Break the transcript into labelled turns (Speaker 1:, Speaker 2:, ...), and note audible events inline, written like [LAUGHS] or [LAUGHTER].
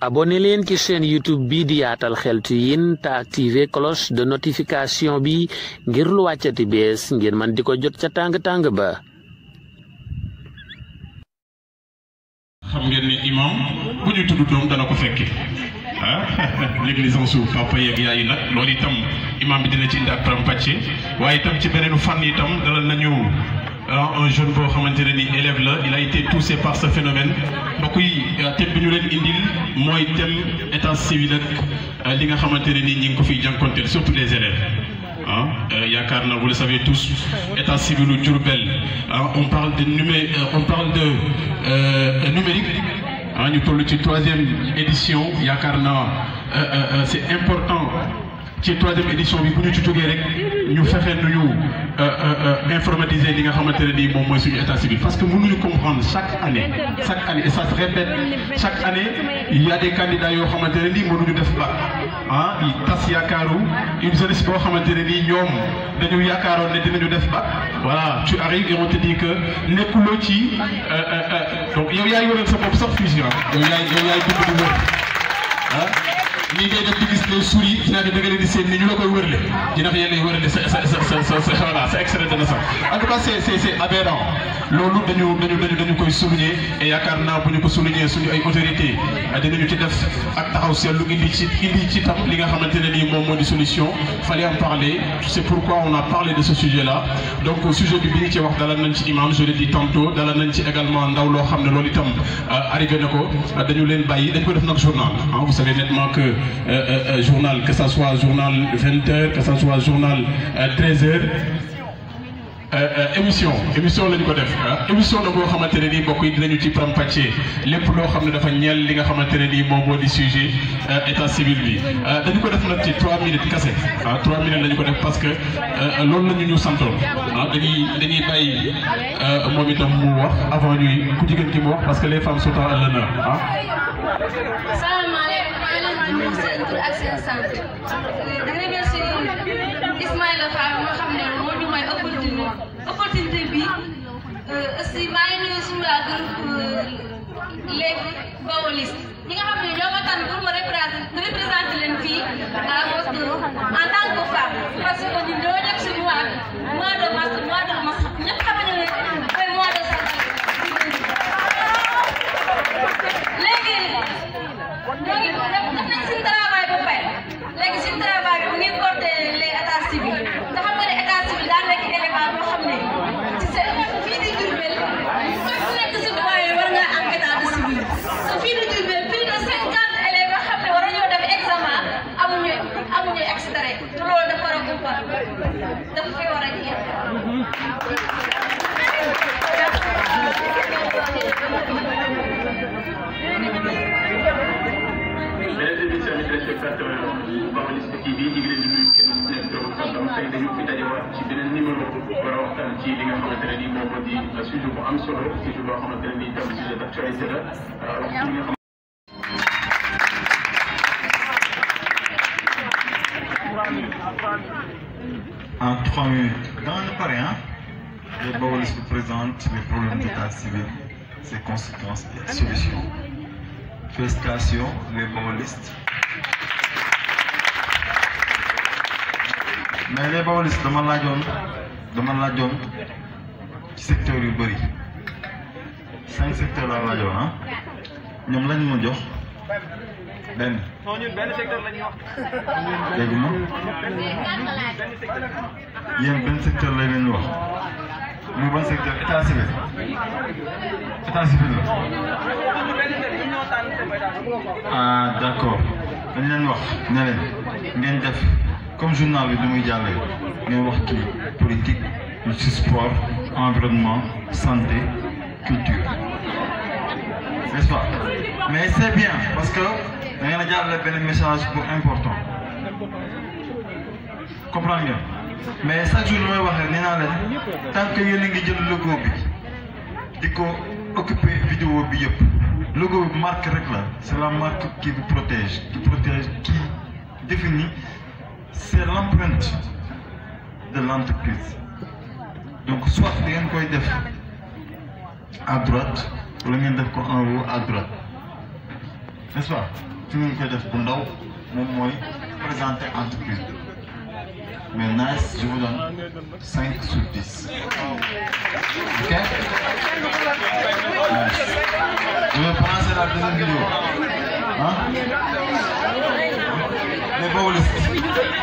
Speaker 1: abonné leen ci chaîne youtube bi di yaatal xeltu yin te activé cloche de notification bi ngir lu wàccati bees ngir man di ko jot ca tàng-tàng ba xam ah, [LAUGHS] suuf papa yeeg yaay yi nag loolu itam imam bi dina ci indi ak param pàcce waaye itam ci beneenu fànn itam dalal na ñëw ah un jeune boo xamante ne ni élève la il a été touché par ce phénomène mbokk yi euh, thème bi ñu leen indil mooy thème état civil ak euh, li nga xamante ne ni ñi ngi ko fiy jànkonteel surtout les élèves ah, euh, yaakaar na vous le savez tous état civil u Diourbel ah, on de numé on parle de euh, numérique ah ñu toll ci troisième édition yaakaar na c'est important ci troisième édition bi bu ñu ci jógee rek ñu fexe nu ñu euh, euh, euh, informatiser li nga xamante ne nii moom mooy suñu état bi parce que mënuñu comprendre chaque année chaque année et ça se répète chaque année il y a des candidats yoo xamante ne nii mënuñu def ba ah tas yaakaaru une jeunesse boo xamante ne nii ñoom dañu yaakaaroon ne dinañu def ba voilà tu arrives et on te dit que nekkuloo ci donc yow yaay waral sa bopp sax fusion yow yaay yow yaay dugg di wër ah. ñi ngay def di gis ne suur yi ci naan di seen ñu la koy wërale dina ko yéen ay wërale sa sa sa sa sa sa extrait de naissance en tout cas c'est c'est c'est loolu dañu dañu dañu dañu koy souligner yaakaar naa bu ñu ko souligner suñu ay autorités dinañu ci def ak taxaw seetlu indi ci indi ci tam li nga xamante ne nii moom moo di solution fallait en parler c'est pourquoi on a parlé de ce sujet là donc sujet bi bi ñu ci wax dalal nañ ci imam je l'ai dit tantôt dalal nañ ci également ndaw loo xam ne loolu itam euh, arrivé na ko dañu leen bàyyi dañ ko def nag Euh, euh, euh, journal que ça soit journal 20 heures que ça soit journal émission émission lañ ko def ah. émission la boo xamante ne nii mbokk yi dinañu ci faram-fàccee lépp loo xam ne dafa ñeel li nga xamante ne nii moom moo di sujet état civil bi dañu ko def nag ci trois minutes kese ah trois minutes lañu ko def parce que loolu lañu ñu ñu santoon ah dañuy dañuy bàyyi moom itam mu wax avant ñuy ku jigéen ki mu wax parce que les femmes sont à l'honneur ah.
Speaker 2: seen tur ak seen sant ci li nga euh, En trois minutes. Dans le coréen, le Baol se présente les problèmes d'état civil, ses conséquences et solutions. Félicitations, les Baolistes. Mais les Baolistes dama laajoon dama laajoon ci secteur yu bëri cinq secteurs laa laajoon ah ñoom lañ ma jox benn dégg ma yéen benn secteur lay leen wax muy ban secteur état civil état civil la ah d' accord wax ne leen ngeen def comme journal bi du muy jàllee ñooy waxtu politique ci sport environnement santé culture n'est-ce mais c'est bien parce que da ngeen a jàllale message bu important comprendre ngeen
Speaker 1: mais chaque jour lu may waxee nee naa leen tant que
Speaker 2: yéen a ngi jël logo bi di ko occupé vidéo bi yëpp logo bi marque rek la c'est la marque qui vous protège qui protège qui définit c'est l'empreinte de l'entreprise donc soit ngeen koy def à droite wala ngeen def ko en haut à droite n'est-ce pas fi ngeen koy def bu ndaw moom mooy présenter entreprise mais nice je vous donne cinq sur dix ok nice. je vais passer la deuxième vidéo ah les boobu